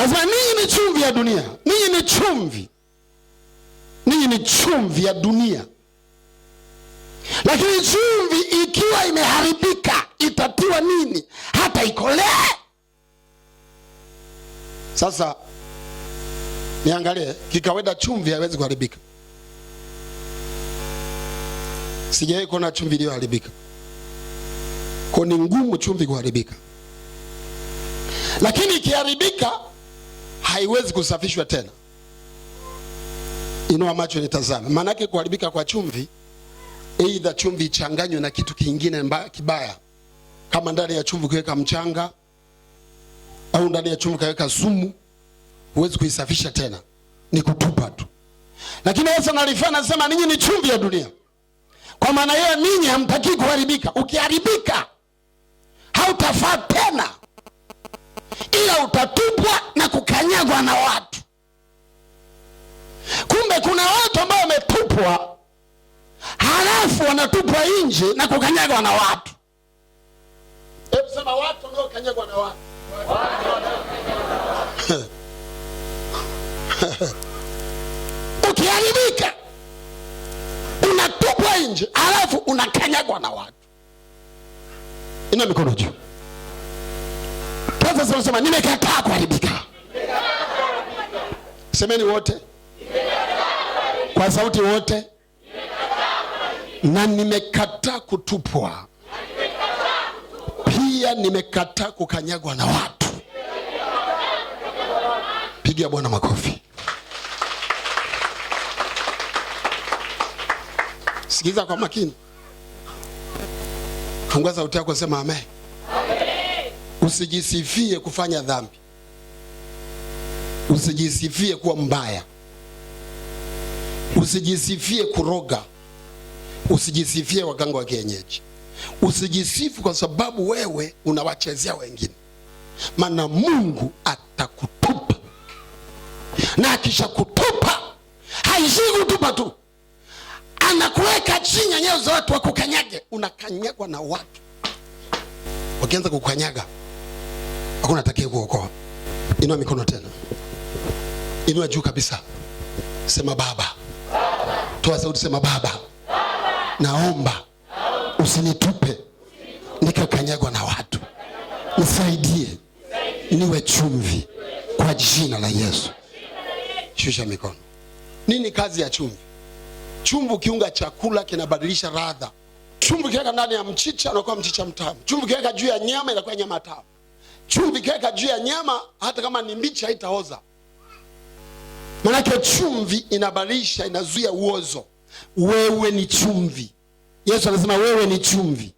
Anasema ninyi ni chumvi ya dunia, ninyi ni chumvi, ninyi ni chumvi ya dunia. Lakini chumvi ikiwa imeharibika itatiwa nini? Hata ikolee. Sasa niangalie kikawaida, chumvi haiwezi kuharibika. Sijawahi kuona chumvi iliyoharibika, kwa ni ngumu chumvi kuharibika, lakini ikiharibika haiwezi kusafishwa tena. Inua macho nitazame, yake kuharibika kwa chumvi, aidha chumvi ichanganywe na kitu kingine mba, kibaya kama ndani ya chumvi kuweka mchanga au ndani ya chumvi kaweka sumu, huwezi kuisafisha tena, ni kutupa tu. Lakini Yesu analifanya anasema, ninyi ni chumvi ya dunia. Kwa maana hiyo ninyi hamtakii kuharibika. Ukiharibika hautafaa tena ila utatupwa na kukanyagwa na watu. Kumbe kuna watu ambao wametupwa halafu wanatupwa nje na kukanyagwa na watu. Hebu sema watu wanaokanyagwa na watu, ukiharibika unatupwa nje halafu unakanyagwa na watu. Ina mikono juu. Profesa anasema nimekataa kuharibika. Semeni wote kwa sauti wote, na nimekataa kutupwa, pia nimekataa kukanyagwa na watu. Pigia Bwana makofi. Sikiza kwa makini, fungua sauti yako, sema amen. Usijisifie kufanya dhambi, usijisifie kuwa mbaya, usijisifie kuroga, usijisifie waganga wa kienyeji, usijisifu kwa sababu wewe unawachezea wengine, maana Mungu atakutupa, na akishakutupa haishi kutupa tu, anakuweka chini ya nyayo za watu wakukanyage. Unakanyagwa na watu wakianza kukanyaga hakuna atakaye kuokoa. Inua mikono tena, inua juu kabisa, sema Baba. Toa sauti, sema Baba, naomba usinitupe nikakanyagwa na watu, nisaidie niwe chumvi kwa jina la Yesu. Shusha mikono. Nini kazi ya chumvi? Chumvi ukiunga chakula kinabadilisha ladha. Chumvi ukiweka ndani ya mchicha unakuwa mchicha mtamu. Chumvi ukiweka juu ya nyama inakuwa nyama tamu chumvi kaeka juu ya nyama, hata kama ni mbichi haitaoza. Maanake chumvi inabadilisha, inazuia uozo. Wewe ni chumvi. Yesu anasema wewe ni chumvi.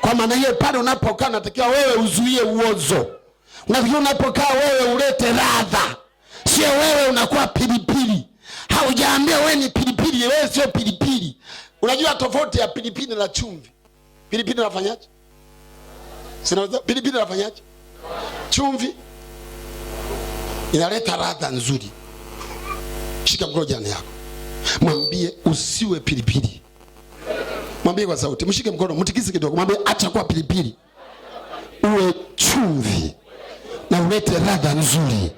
Kwa maana hiyo, pale unapokaa unatakiwa wewe uzuie uozo, unatakiwa unapokaa wewe ulete ladha, sio wewe unakuwa pilipili. Haujaambia wewe ni pilipili, wewe sio pilipili. Unajua tofauti ya pilipili na chumvi? Pilipili nafanyaje? Sinaweza pilipili nafanyaje? Chumvi inaleta ladha nzuri. Shika mkono jirani yako, mwambie usiwe pilipili. Mwambie kwa sauti, mshike mkono, mtikisi kidogo, mwambie acha kuwa pilipili, uwe chumvi na ulete ladha nzuri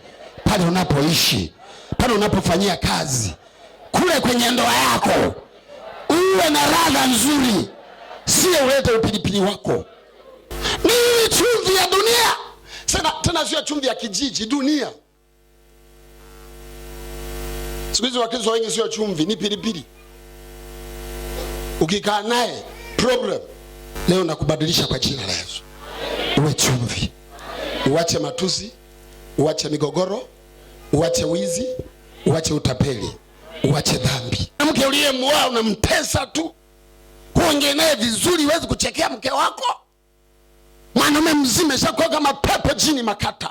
pale unapoishi, pale unapofanyia kazi, kule kwenye ndoa yako, uwe na ladha nzuri, sio ulete upilipili wako. Nini chumvi ya dunia? tena, tena sio chumvi ya kijiji, dunia. Siku hizi Wakristo wengi sio chumvi, ni pilipili. Ukikaa naye problem. Leo nakubadilisha kwa jina la Yesu, uwe chumvi, uache matusi, uache migogoro, uache wizi, uache utapeli, uache dhambi. Mke uliyemwoa unamtesa tu, kuongea naye vizuri, huwezi kuchekea mke wako mwanaume mzima shakuwa kama pepo jini makata.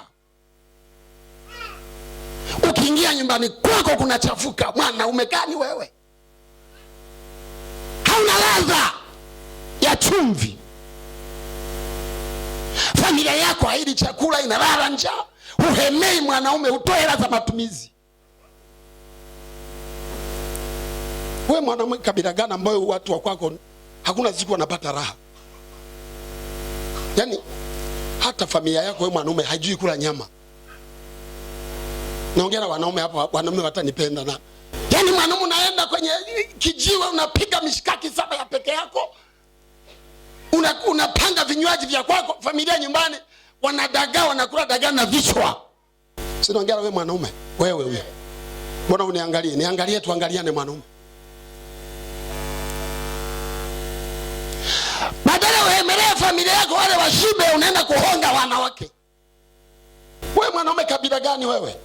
Ukiingia nyumbani kwako kunachafuka. Mwanaume gani wewe? Hauna ladha ya chumvi. Familia yako haili chakula, inalala njaa. Uhemei mwanaume, utoe hela za matumizi. We mwanaume kabila gani ambayo watu wa kwako hakuna siku wanapata raha? Yaani hata familia yako wewe mwanaume haijui kula nyama. Naongea na wanaume hapa, wanaume watanipenda na. Yaani mwanaume unaenda kwenye kijiwe unapiga mishikaki saba ya peke yako. Una, unapanga vinywaji vya kwako, familia nyumbani wanadagaa, wanakula dagaa na vichwa. Sinaongea wewe mwanaume, wewe wewe. Mbona uniangalie? Niangalie tuangaliane mwanaume. unaohemelea familia yako wale washibe, unaenda kuhonga wanawake. Wewe mwanaume kabila gani wewe?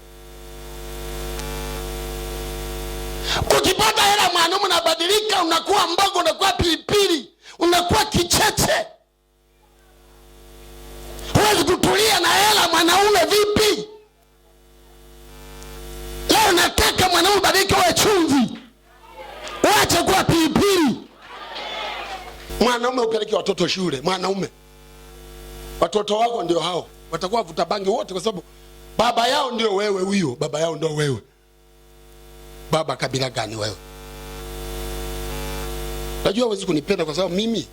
Ukipata hela mwanaume unabadilika, unakuwa mbogo, unakuwa pilipili, unakuwa kicheche, huwezi kutulia na hela. Mwanaume vipi? Leo nataka mwanaume badilike, uwe chumvi, kuwa pilipili. Mwanaume upeleke watoto shule, mwanaume. Watoto wako ndio hao, watakuwa vuta bangi wote, kwa sababu baba yao ndio wewe. Huyo baba yao ndio wewe. Baba kabila gani wewe? Najua wezi kunipenda kwa sababu mimi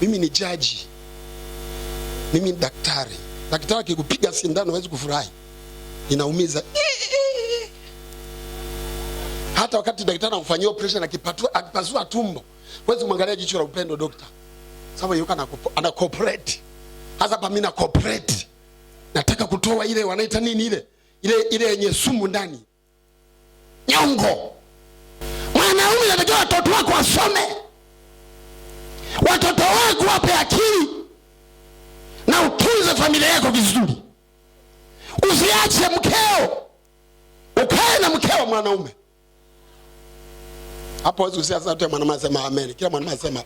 mimi ni jaji, mimi ni daktari. Daktari akikupiga sindano huwezi kufurahi, inaumiza hata wakati daktari anakufanyia operation akipasua tumbo Huwezi kumwangalia jicho la upendo dokta. Sababu yuko ana cooperate. Hasa pa mimi na cooperate. Nataka kutoa ile wanaita nini ile? Ile ile yenye sumu ndani. Nyongo. Mwanaume anatakiwa watoto wako wasome. Watoto wako wape akili na utunze familia yako vizuri. Usiache mkeo. Ukae na mkeo mwanaume. Hapo huwezi kusema sasa mwanaume anasema amen. Kila mwanaume anasema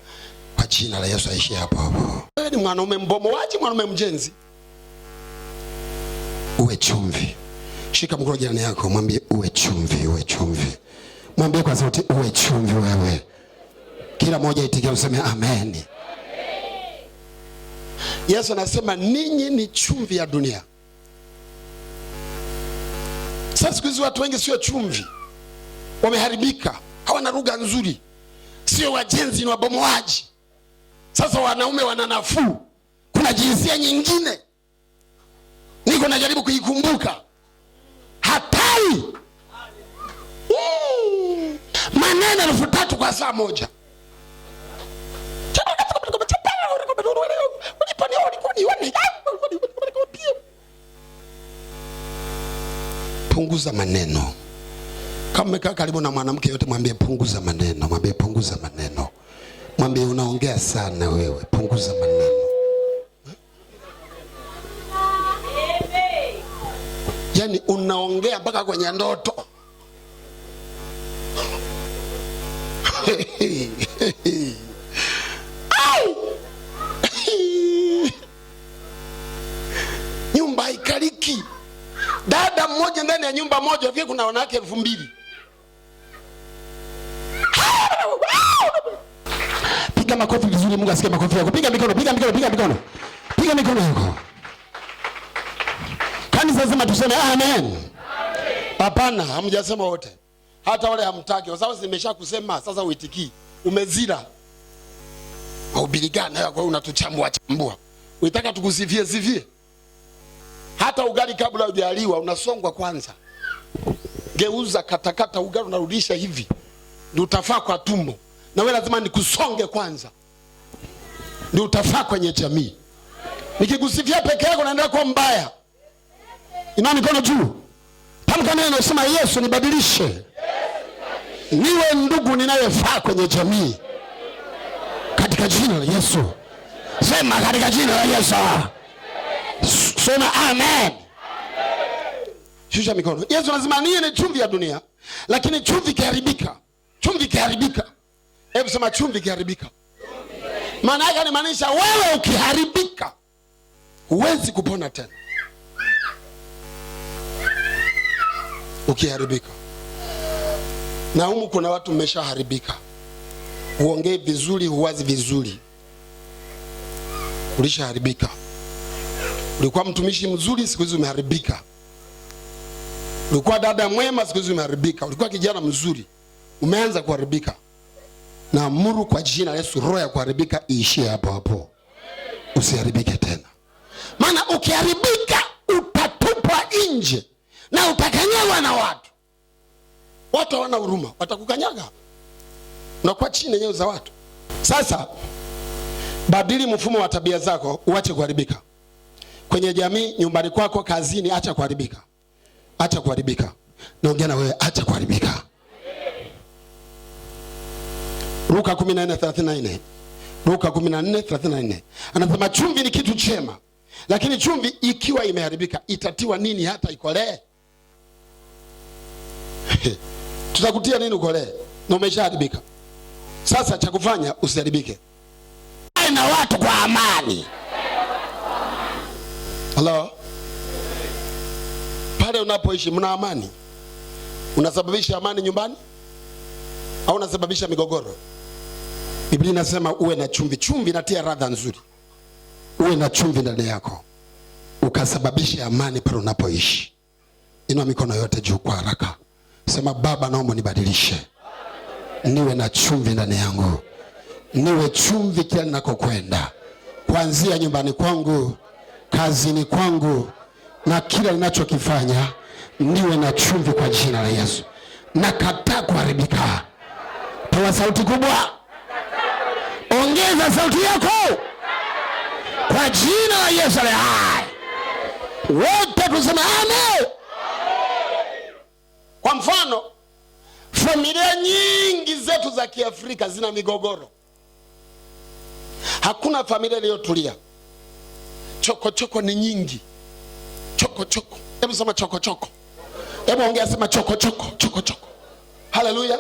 kwa jina la Yesu aishie hapo hapo. Wewe ni mwanaume mbomoaji, mwanaume mjenzi. Uwe chumvi. Shika mkono jirani yako, mwambie uwe chumvi, uwe chumvi. Mwambie kwa sauti uwe chumvi wewe. Kila mmoja itikia useme amen. Yesu anasema ninyi ni chumvi ya dunia. Sasa siku hizi watu wengi sio chumvi, wameharibika hawana lugha nzuri, sio wajenzi, ni wabomoaji. Sasa wanaume wana nafuu, kuna jinsia nyingine niko najaribu kuikumbuka, hatari hmm. maneno elfu tatu kwa saa moja punguza maneno. Kama umekaa karibu na mwanamke yote, mwambie punguza maneno, mwambie punguza maneno, mwambie unaongea sana wewe, punguza maneno. Yaani unaongea mpaka kwenye ndoto. Nyumba haikaliki. Dada mmoja ndani ya nyumba moja, vile kuna wanawake elfu mbili. Piga makofi vizuri, Mungu asikie makofi yako. Piga mikono, piga mikono, piga mikono. Piga mikono yako. Kanisa zima tuseme amen. Amen. Hapana, hamjasema wote. Hata wale hamtaki. Kwa sababu nimesha kusema sasa uitiki. umezira Mahubiri gani haya kwa unatuchambua chambua. Unataka tukusifie sifie. Hata ugali kabla hujaliwa unasongwa kwanza. Geuza katakata ugali unarudisha hivi. Ndio utafaa kwa tumbo na wewe lazima nikusonge kwanza, ndio utafaa kwenye jamii. Nikikusifia peke yako naendelea kuwa mbaya. Inua mikono juu, tamka neno, nasema Yesu nibadilishe, niwe ndugu ninayefaa kwenye jamii, katika jina la Yesu. Sema katika jina la Yesu. Sema amen. Shusha mikono. Yesu anasema niye ni chumvi ya dunia, lakini chumvi ikiharibika, chumvi ikiharibika Hebu sema chumvi kiharibika. maana yake anamaanisha wewe ukiharibika huwezi kupona tena. Ukiharibika na humu, kuna watu mmeshaharibika, huongei vizuri, huwazi vizuri, ulishaharibika. Ulikuwa mtumishi mzuri, siku hizi umeharibika. Ulikuwa dada mwema, siku hizi umeharibika. Ulikuwa kijana mzuri, umeanza kuharibika. Naamuru kwa jina la Yesu, roho ya kuharibika iishie hapo hapo, usiharibike tena, maana ukiharibika utatupwa nje na utakanyagwa na watu. Watu hawana huruma, watakukanyaga unakuwa chini yenyewe za watu. Sasa badili mfumo wa tabia zako, uache kuharibika kwenye jamii, nyumbani kwako, kazini. Acha kuharibika, acha kuharibika. Naongea na wewe, acha kuharibika. Luka 14:34. Luka 14:34. Anasema chumvi ni kitu chema, lakini chumvi ikiwa imeharibika itatiwa nini hata ikolee? Tutakutia nini ukolee? Na umeshaharibika. Sasa cha kufanya usiharibike. Na watu kwa amani. Hello. Pale unapoishi mna amani? Unasababisha amani nyumbani? Au unasababisha migogoro? Biblia inasema uwe na chumvi. Chumvi inatia ladha nzuri, uwe na chumvi ndani yako, ukasababisha amani pale unapoishi. Inua mikono yote juu kwa haraka, sema Baba, naomba nibadilishe, niwe na chumvi ndani yangu, niwe chumvi kila ninakokwenda, kuanzia nyumbani kwangu, kazini kwangu na kila ninachokifanya niwe na chumvi kwa jina la Yesu. Nakataa kuharibika. Pewa sauti kubwa ongeza sauti yako kwa jina la Yesu ale hai, wote tuseme amen. Kwa mfano, familia nyingi zetu za Kiafrika zina migogoro, hakuna familia iliyotulia. Chokochoko ni nyingi, chokochoko. Hebu sema chokochoko, hebu ongea, sema chokochoko, chokochoko. Haleluya!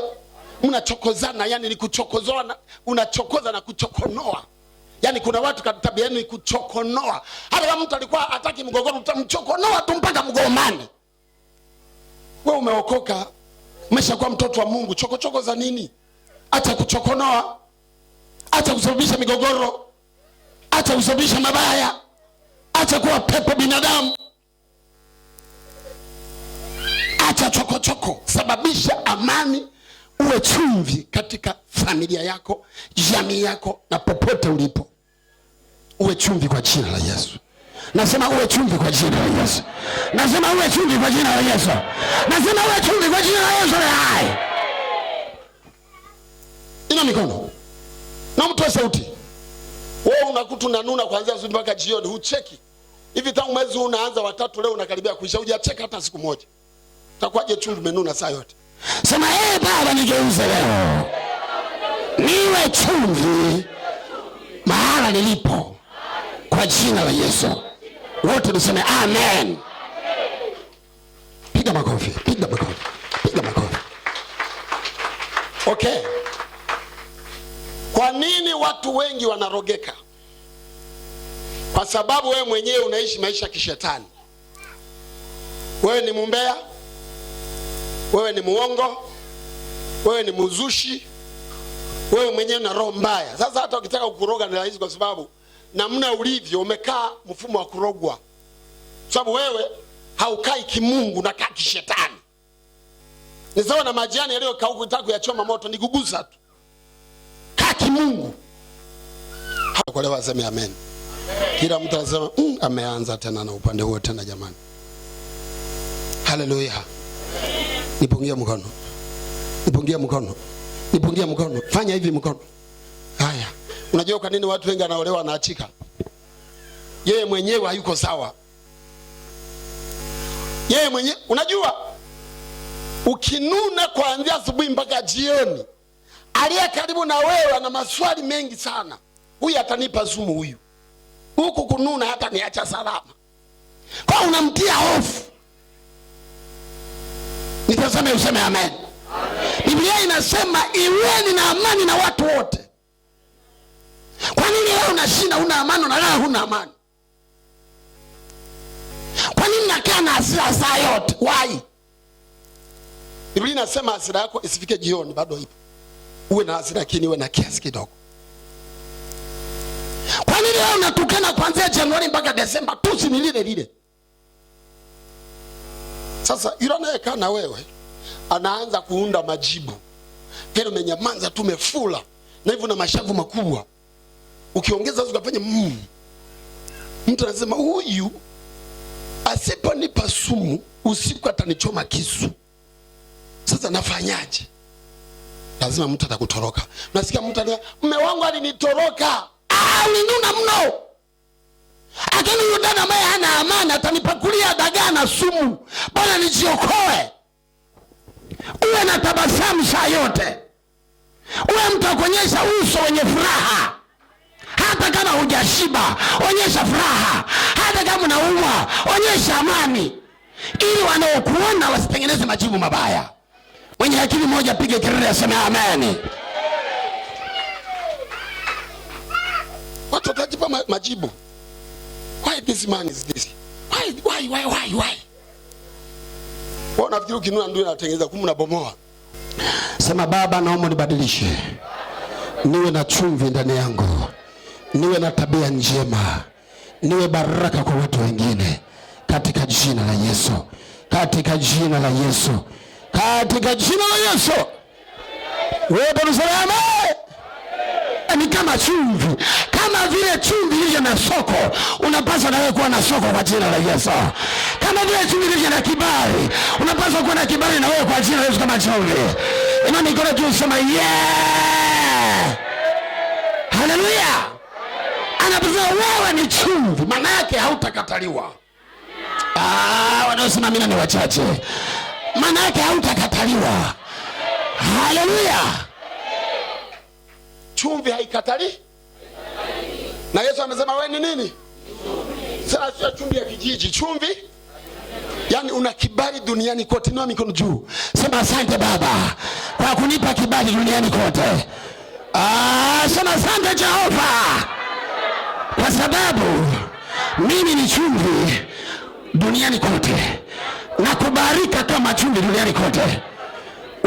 mnachokozana, yani ni kuchokozana, unachokoza na kuchokonoa. Yani kuna watu tabia yenu ni kuchokonoa. Hata kama mtu alikuwa hataki mgogoro, mtamchokonoa tu mpaka mgomani. We umeokoka, umeshakuwa mtoto wa Mungu, chokochoko za nini? Acha kuchokonoa, acha kusababisha migogoro, acha kusababisha mabaya, acha kuwa pepo binadamu, acha chokochoko, sababisha amani uwe chumvi katika familia yako, jamii yako na popote ulipo, uwe chumvi kwa jina la Yesu. Nasema uwe chumvi kwa jina la Yesu. Nasema uwe chumvi kwa jina la Yesu. Nasema uwe chumvi kwa jina la Yesu aliye hai. Ina mikono. Na mtu wa sauti. Wewe unakuta nanuna kuanzia asubuhi mpaka jioni hucheki. Hivi tangu mwezi unaanza watatu leo unakaribia kuisha hujacheka hata siku moja. Utakuwaje chumvi menuna saa yote? Sema ee Baba, nigeuze leo niwe chumvi mahala nilipo, kwa jina la Yesu. Wote tuseme amen. Piga makofi, piga makofi, piga makofi. Okay, kwa nini watu wengi wanarogeka? Kwa sababu wewe mwenyewe unaishi maisha kishetani. Wewe ni mumbea wewe ni muongo, wewe ni mzushi, wewe mwenyewe na roho mbaya. Sasa hata ukitaka kukuroga ni rahisi, kwa sababu namna ulivyo umekaa mfumo wa kurogwa, kwa sababu wewe haukai kimungu, nakaa kishetani. Ni sawa na majani yaliyokauka ukitaka kuyachoma moto, ni kugusa tu. Kaa kimungu. Kwa leo aseme amen. Kila mtu anasema mm, ameanza tena na upande huo tena jamani. Haleluya. Nipungie mkono, nipungie mkono, nipungie mkono. Fanya hivi mkono. Haya, unajua kwa nini watu wengi anaolewa anaachika? Yeye mwenyewe hayuko sawa, yeye mwenyewe. Unajua ukinuna kuanzia asubuhi mpaka jioni, aliye karibu na wewe ana maswali mengi sana. Huyu atanipa sumu, huyu huku kununa hata niacha salama, kwa unamtia hofu Nitazame useme amen, amen. Biblia inasema iweni na amani na watu wote. Kwa nini leo unashinda huna amani, unalala huna amani? Kwa nini nakaa na hasira saa yote? Why? Biblia inasema hasira yako isifike jioni, bado ipo. Uwe na hasira lakini uwe na kiasi kidogo. Kwa nini leo unatukana kuanzia Januari mpaka Desemba, tusi ni lile lile sasa yule anayekaa na wewe anaanza kuunda majibu, tena umenyamaza tumefula na hivyo na mashavu makubwa, ukiongeza ukafanya mm. Mtu anasema huyu asiponipa sumu usiku atanichoma kisu. Sasa nafanyaje? Lazima mtu atakutoroka. Nasikia mtu anasema mme wangu alinitoroka, alinuna ah, mno lakini huyu dada ambaye hana amani atanipakulia dagaa na sumu. Bwana, nijiokoe. Uwe na tabasamu saa yote, uwe mtu akuonyesha uso wenye furaha. Hata kama hujashiba, onyesha furaha. Hata kama unaumwa, onyesha amani, ili wanaokuona wasitengeneze majibu mabaya. Mwenye akili moja, pige kelele, aseme amani. Watu wakajipa majibu this man is this why why why why why wao nafikiri ukinua ndio natengeneza kumu nabomoa sema baba naomba nibadilishe niwe na chumvi ndani yangu niwe na tabia njema niwe baraka kwa watu wengine katika jina la Yesu katika jina la Yesu katika jina la Yesu wote tuseme ni kama chumvi kama vile chumvi ilivyo na soko, unapaswa nawe kuwa na soko kwa jina la Yesu. Kama vile chumvi ilivyo na kibali, unapaswa kuwa na kibali na wewe kwa jina la Yesu kama chumvi. ina mikono juu, sema yeah. Haleluya. Anaposema wewe ni chumvi, maana yake hautakataliwa. Ah, wanaosema mimi ni wachache. Maana yake hautakataliwa. Haleluya. Chumvi haikatali na Yesu amesema wewe ni nini? Sasa sio chumvi ya kijiji, chumvi yaani una kibali duniani kote. Inua mikono juu, sema asante Baba kwa kunipa kibali duniani kote. Ah, sema asante Jehova kwa sababu mimi ni chumvi duniani kote, na kubarika kama chumvi duniani kote.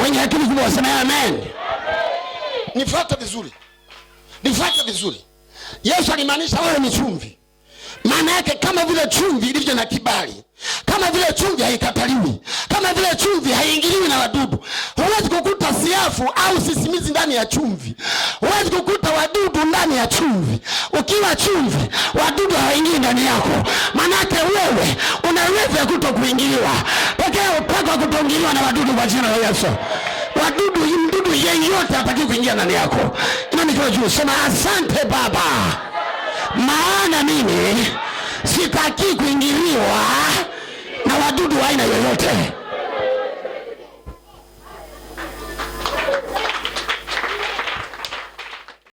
Wenye akili kubwa wasema amen. Nifuate vizuri, nifuate vizuri Yesu alimaanisha wewe ni chumvi. Maana yake kama vile chumvi ilivyo na kibali, kama vile chumvi haikataliwi, kama vile chumvi haiingiliwi na wadudu. Huwezi kukuta siafu au sisimizi ndani ya chumvi, huwezi kukuta wadudu ndani ya chumvi. Ukiwa chumvi, wadudu hawaingii ndani yako, maana yake wewe unaweza kuto kuingiliwa pekee, upako kutoingiliwa na wadudu kwa jina la Yesu wadudu mdudu yeyote hataki kuingia ndani yako. Nikiwa juu, sema asante Baba, maana mimi sitaki kuingiliwa na wadudu wa aina yoyote.